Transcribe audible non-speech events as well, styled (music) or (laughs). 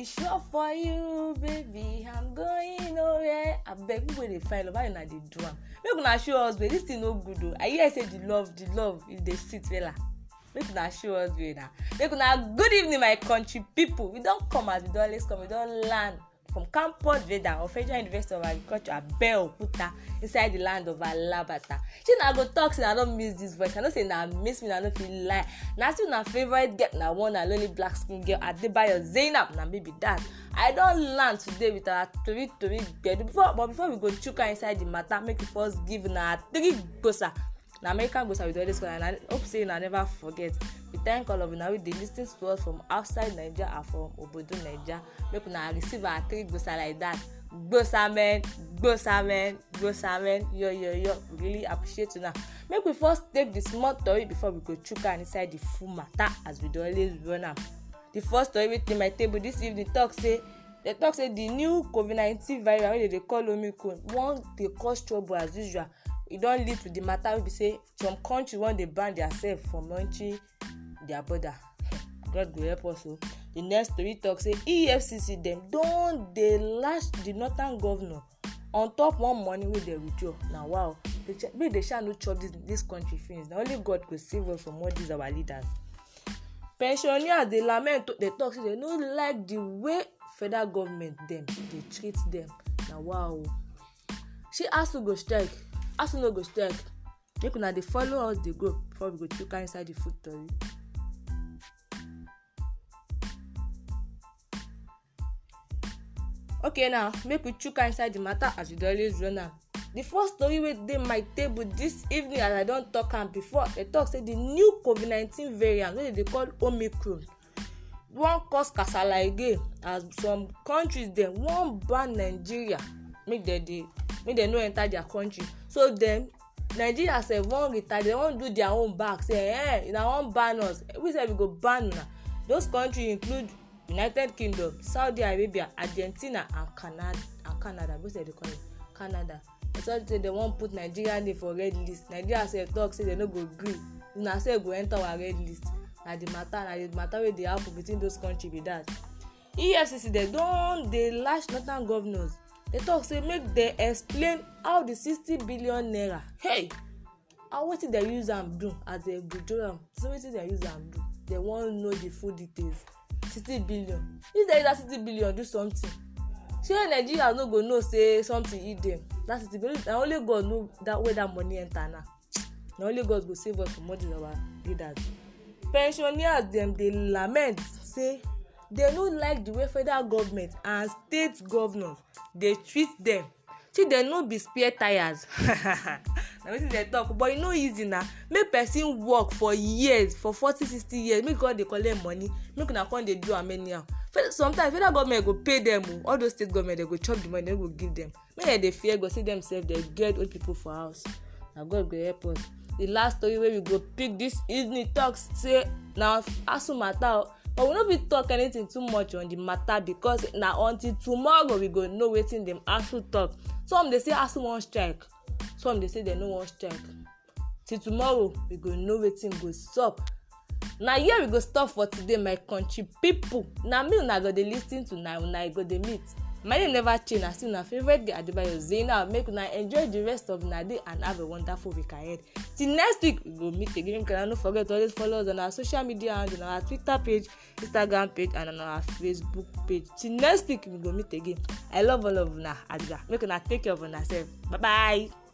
It's sure for you, baby. I'm going nowhere. I beg people they find love. Why you not do am? Make una show us way. This thing no good though. I hear say the love, the love is the sweet vela. Make una show us way now. Make una good evening, my country people. We don't come as we don't always come. We don't land from campus veda of federal university of agriculture abeokuta inside the land of alabata shey na go talk say na don miss dis voice i know say na miss me na no fit lie na still na favourite girl na one and only black skin girl adebayo zainab na me be dat i don learn today with our tori tori gbedu before but before we go chuka inside the matter make we first give una three gbosa na american gospel we dey always call am and i hope say una never forget we thank all of una wey dey lis ten to us from outside naija and from obodo naija make una receive our three gbosa like that gbosamen gbosamen Yo, yo, we really appreciate una make we first take the small tori before we go chook am inside the full matter as we dey always run am the first tori wey dey my table this evening talk say dem talk say the new covid nineteen variant wey dem dey call omicron wan dey cause trouble as usual e don lead to the matter wey be say some country wan dey ban their self from entering their border god go help us o the next tori talk say efcc dem don dey lash the northern governor on top one money wey dem withdraw na wow make dey sha no chop this this country things. na only god go save us from all these our leaders pensioners dey lament dey talk say dem no like the way federal government dem dey treat dem na wow o shey asuu go strike also no go strike make una dey follow us dey go before we go chuka inside the food tori. okay now make we chuka inside the matter as we dey always run am the first story wey dey my table this evening as i don talk am before dey talk say the new covid nineteen variant wey dey dey call omicron wan cause kasala again as some countries dem wan ban nigeria make dem dey make dem no enter their country so dem nigeria sef wan retire dem wan do their own back say eh una wan ban us we sef we go ban una those countries include united kingdom saudi arabia argentina and canada and canada wey sef dey call it canada i talk say dem wan put nigeria name for red list nigeria sef talk say dem no go gree una sef go enter our red list na the matter na the matter wey dey happen between those countries be that efcc dem don dey lash northern governors dey talk say make dem explain how the sixty billion naira hey and wetin dem use am do as dem do. am so wetin dem use am do dem wan know the full details sixty billion if dem use that sixty billion do something shey nigeria no go know say something hit dem that sixty billion na only god know that where that money enter now na only god go save us from all these our leaders pensioners dem dey lament say they no like the way federal government and state governors dey treat them children no be spare tyres (laughs) na wetin dem talk but e no easy na make person work for years for forty sixty years make god dey collect money make una come dey do am anyhow sometimes federal government go pay dem o all those state government dem go chop the money dem go give dem make dem dey fear god say dem sef dey get old people for house na god go help us the last story wey we go pick this evening talk say na asu matter o but we no fit talk anything too much on the matter because na until tomorrow we go know wetin dem asu talk some dey say asu wan strike some dey say dem no wan strike till tomorrow we go know wetin go sup na here we go stop for today my country pipo na me una go dey lis ten to na una i go dey meet my name never change na still na favourite girl adebayo zainab make una enjoy the rest of una day and have a wonderful week ahead till next week we go meet again make no forget to always follow us on our social media and on our twitter page instagram page and on our facebook page till next week we go meet again i love all of una aduda make una take care of una sef bye bye.